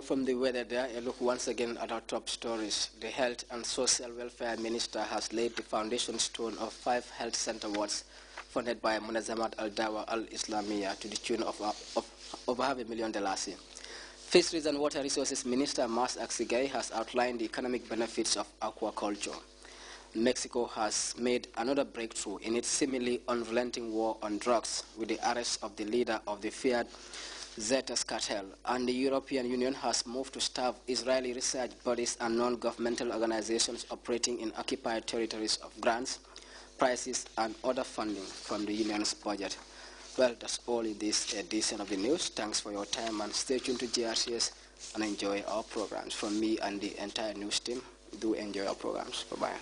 all from the weather there, a eh, look once again at our top stories. The Health and Social Welfare Minister has laid the foundation stone of five health center wards funded by Munazamat Al-Dawa al islamiya to the tune of, uh, of over half a million dollars. Fisheries and Water Resources Minister Mas Axigai has outlined the economic benefits of aquaculture. Mexico has made another breakthrough in its seemingly unrelenting war on drugs with the arrest of the leader of the feared Zetas cartel, and the European Union has moved to starve Israeli research bodies and non-governmental organizations operating in occupied territories of grants, prices, and other funding from the union's budget. Well, that's all in this edition of the news. Thanks for your time and stay tuned to GRCS and enjoy our programs. From me and the entire news team, do enjoy our programs. Bye-bye.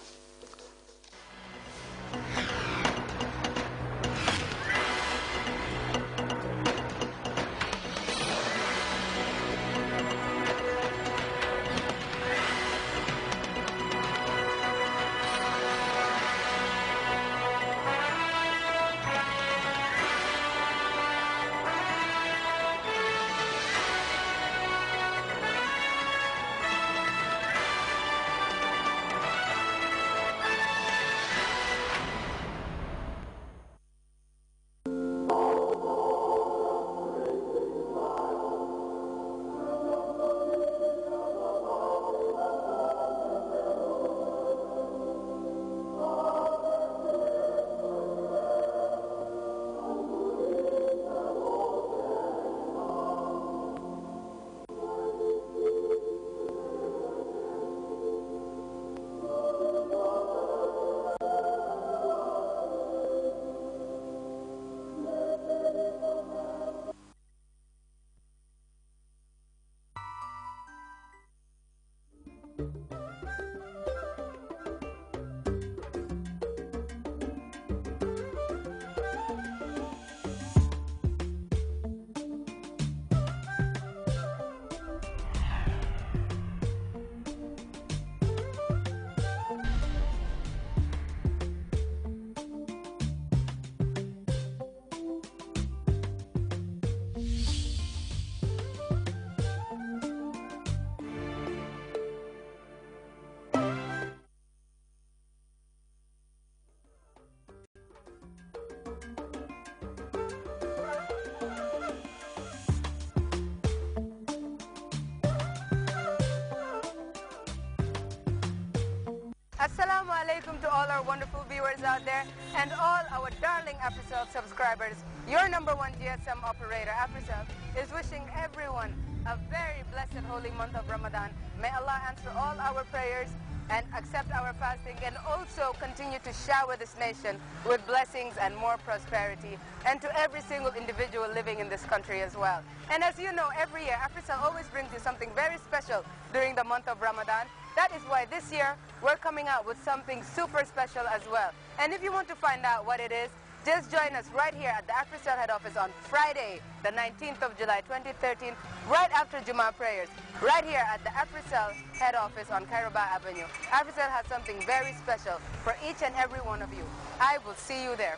Assalamu alaikum to all our wonderful viewers out there and all our darling AfriCell subscribers. Your number one GSM operator, AfriCell, is wishing everyone a very blessed holy month of Ramadan. May Allah answer all our prayers and accept our fasting and also continue to shower this nation with blessings and more prosperity and to every single individual living in this country as well. And as you know, every year, AfriCell always brings you something very special during the month of Ramadan that is why this year we're coming out with something super special as well. And if you want to find out what it is, just join us right here at the AfriCell head office on Friday, the 19th of July 2013, right after Juma prayers, right here at the AfriCell head office on Kairoba Avenue. AfriCell has something very special for each and every one of you. I will see you there.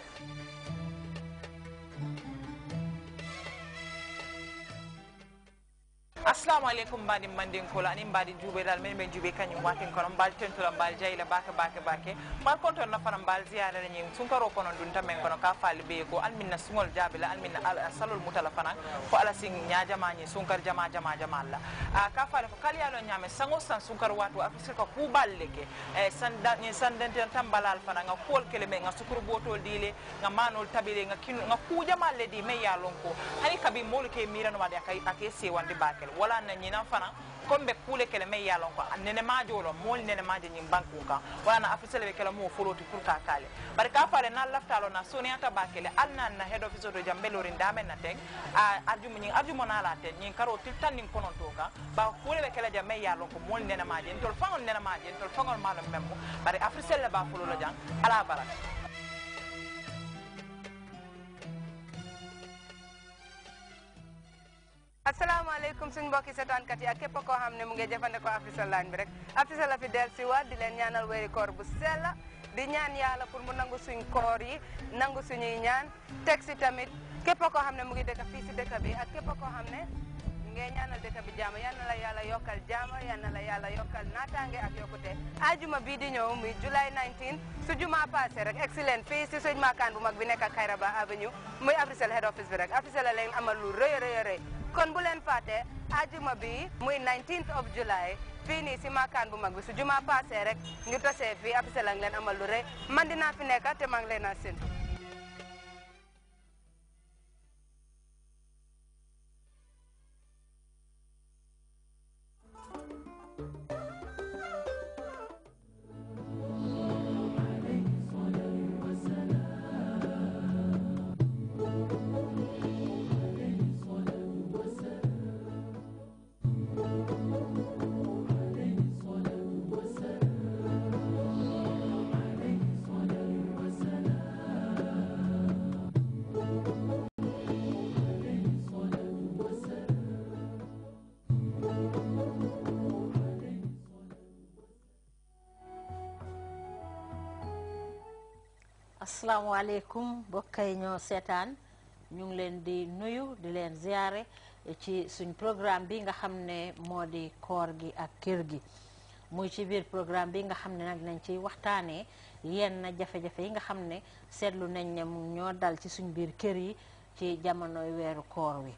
assalamu aleykum mbaɗi mandinkola anin mbaɗi juuɓelal men ɓe juuɓe kañum waken kono mbal tentola mbal jayla baka baka bake mbal konton nafana mbal ziyarere ñin sunkaro kono ɗum tamen kono ka falli ɓeye ko alminna sugol jaabila alminna salol mutala fanan ko ala sin ñajamañi sunkar jama jama jamalla ah, ka faali ko kalyalo ñaame sango san sunkar wato afisir ko kuɓalle ke e eh, ñin sandenten tan mbalal fana ga kuwol kele me ga sukuru botol dile ga manol tabile ga kinu ga kuujamalle di ya lon ko hani kabi molu ke miranoma de ake sewande bakel wala na ñinan fana comme kule kuule kele mai ye lon ko nenemajo lo mool nenemaje ñin banku kan wala na officiel ɓe kela mo foloti pour ka kaale bari ka faale na laftalo na soniyata ba kele al na na head office do jam belorin damen na teng a arjumo ñin na la teg ñin karo til tan nin kononto kan ba kule ɓe kela jam mai ye lon ko mool nenemaje en tol faŋol nenemaje en tol faŋol malum memmo bari officiel le ba folola jang ala barak Assalamualaikum suñu mbokki setan kat ya kep ko xamne mu ngi jëfandikoo Africell line bi rek Africell la fi del ci waat di len ñaanal wéri koor bu sel di ñaan yàlla pour mu nangu suñ koor yi nangu suñuy ñaan tek ci tamit kep ko xamne mu ngi dekk fi ci dekk bi ak kep ko xamne ngay ñaanal dekk bi jaama yalla la yalla yokal jaama yalla la yalla yokal natange ak yokute ajuma bi di ñew muy July 19 su juma passé rek excellent fi ci suñ maakaan bu mag bi nekk ak Kairaba Avenue muy Africell head office bi rek Africell la leen amal lu reey reey reey kon bu leen fàtte ajuma bi muy 19th of July fii nii si maakaan bu mag bi su juma passé rek ngi tosee fii ab selang leen amal lu rëy man dinaa fi nekka te maa leen a séntu asalaamaaleykum bokkay ñoo seetaan ñu ngi leen di nuyu di leen ziare ci suñ programme bi nga xam ne moo di koor gi ak kër gi muy ci biir programme bi nga xam ne nag nañ ciy waxtaanee yenn jafe-jafe yi nga xam ne seetlu nañ ne mu ñoo dal ci suñ biir kër yi ci jamonoy weeru koor wi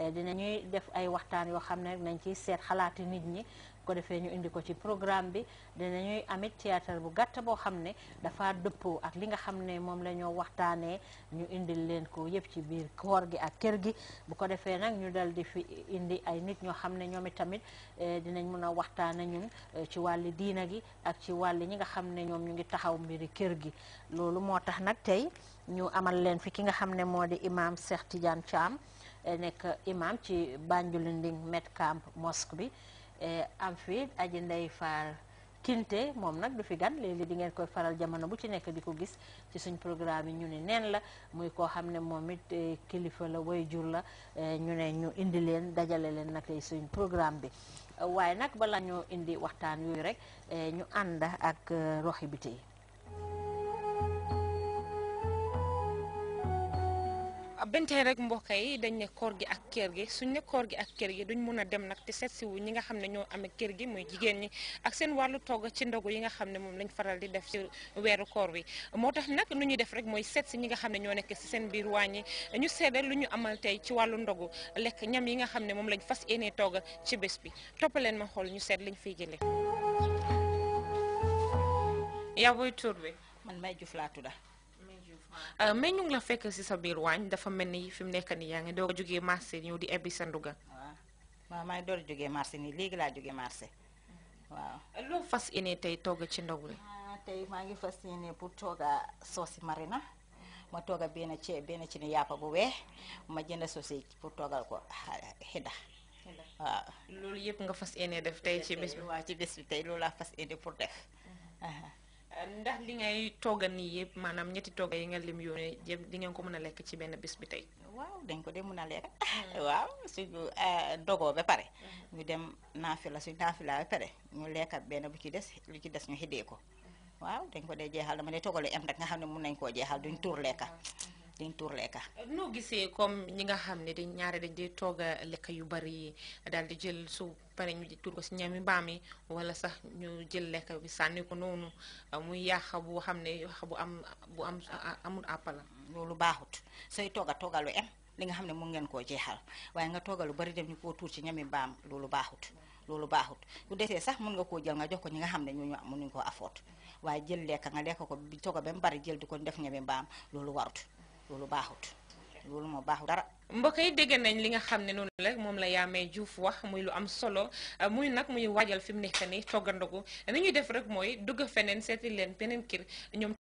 eh, dina ñuy def ay waxtaan yoo xam ne nañ ciy seet xalaati nit ñi ko defee ñu indi ko ci programme bi dinañuy amit théâtre bu gàtt boo xam ne dafa dëppoo ak li nga xam ne moom la ñoo waxtaanee ñu indi leen ko yëpp ci biir koor gi ak kër gi bu ko defee nag ñu dal di fi indi ay nit ñoo xam ne ñoom itamit eh, dinañ mun a waxtaane ñun eh, ci wàlli diina gi ak ci wàlli ñi nga xam ne ñoom ñu ngi taxaw mbiri kër gi loolu moo tax nag tey ñu amal leen fi ki nga xam ne moo di imaam Cheikh Tidiane Thiam eh, nekk imaam ci Banjulinding Med Camp mosque bi Eh, am fii aji ndey faal kinte moom nag du fi gan léeg di ngeen koy faral jamono bu ci nekk di ko gis ci suñ programme yi ñu ni neen la muy koo xam ne moom it eh, kilifa la way jur la eh, ñu ne ñu indi leen dajale leen nag suñ programme bi waaye nag balaa ñu indi waxtaan yooyu rek ñu ànd ak roxi biti Ah, benn tey rek mbokk yi dañ ne koor gi ak kër gi suñ ne koor gi ak kër gi duñ mun a dem nag te seet si ñi nga xam ne ñoo amee kër gi mooy jigéen ñi ak seen wàllu togg ci ndogu yi nga xam ne moom lañ faral di def ci weeru koor wi moo tax nag lu ñu def rek mooy seet si ñi nga xam ne ñoo nekk si seen biir wàññi ñu seede lu ñu amal tey ci wàllu ndogu lekk ñam yi nga xam ne moom lañ fas yéene togg ci bés bi toppaleen ma xool ñu seet lañ fiy jëlee. yaa booy tur bi. man May Diouf laa tudd Euh, meññu la fekk si sa biir waañ dafa mel ni fi mu nekk nii yaa ngi doo a jógee marché ñëw di ebbi sa nduga. waaw waaw maa ngi doog a jógee marché nii léegi laa jógee marché waaw. loo fas yéene tey togg ci ndaw li. Ah, maa ngi fas yéene pour tooga soosi marina ma tooga benn ci benn ci ni yàppa bu weex ma jënd soosij pour toogal ko ah, xida waaw loolu yëpp nga fas yéene def tey ci bés bi waaw ci des bi tey loolu laa fas yéene pour def mm-hmm. ndax li ngay togga nii yëpp maanaam ñetti togga yi nga lim yoone yëpp di ngeen ko mën a lekk ci benn bis bi tey waaw dañ ko dee mën a lekk hmm. waaw suñu euh, dogoo ba pare hmm. ñu dem naafila suñ naafila ba pare ñu lekka benn bu ci des lu ci des ñu xidee ko hmm. waaw dañ ko dee jeexal dama dee toggale em rek nga xam ne mun nañ koo jeexal duñ tuur lekka dañ tuur lekka noo gisee comme ñi nga xam ne dañ ñaare dañ dee tooga lekk yu bari yi daal di jël su pare ñu tuur ko si ñami mbaam yi wala sax ñu jël lekk bi sànni ko noonu muy yàq bu xam ne yàq bu am bu am amul àppala loolu baaxut sooy tooga toogalu em li nga xam ne mu jeexal waaye nga toogalu bari dem ñu koo ci ñami mbaam loolu baaxut loolu baaxut bu desee sax mun nga koo jël nga jox ko ñi nga xam ne ñooñu ñu ko afoot waaye jël lekk nga lekk ko bi tooga ba bari jël di ko def ñami mbaam loolu warut loolu baaxut loolu moo baaxut dara. mbokk yi dégg nañ li nga xam ne noonu la moom la Yaame Diouf wax muy lu am solo muy nag muy waajal fi mu nekk nii toggandogu ni ñuy def rek mooy dugg feneen seeti leen beneen kër ñoom.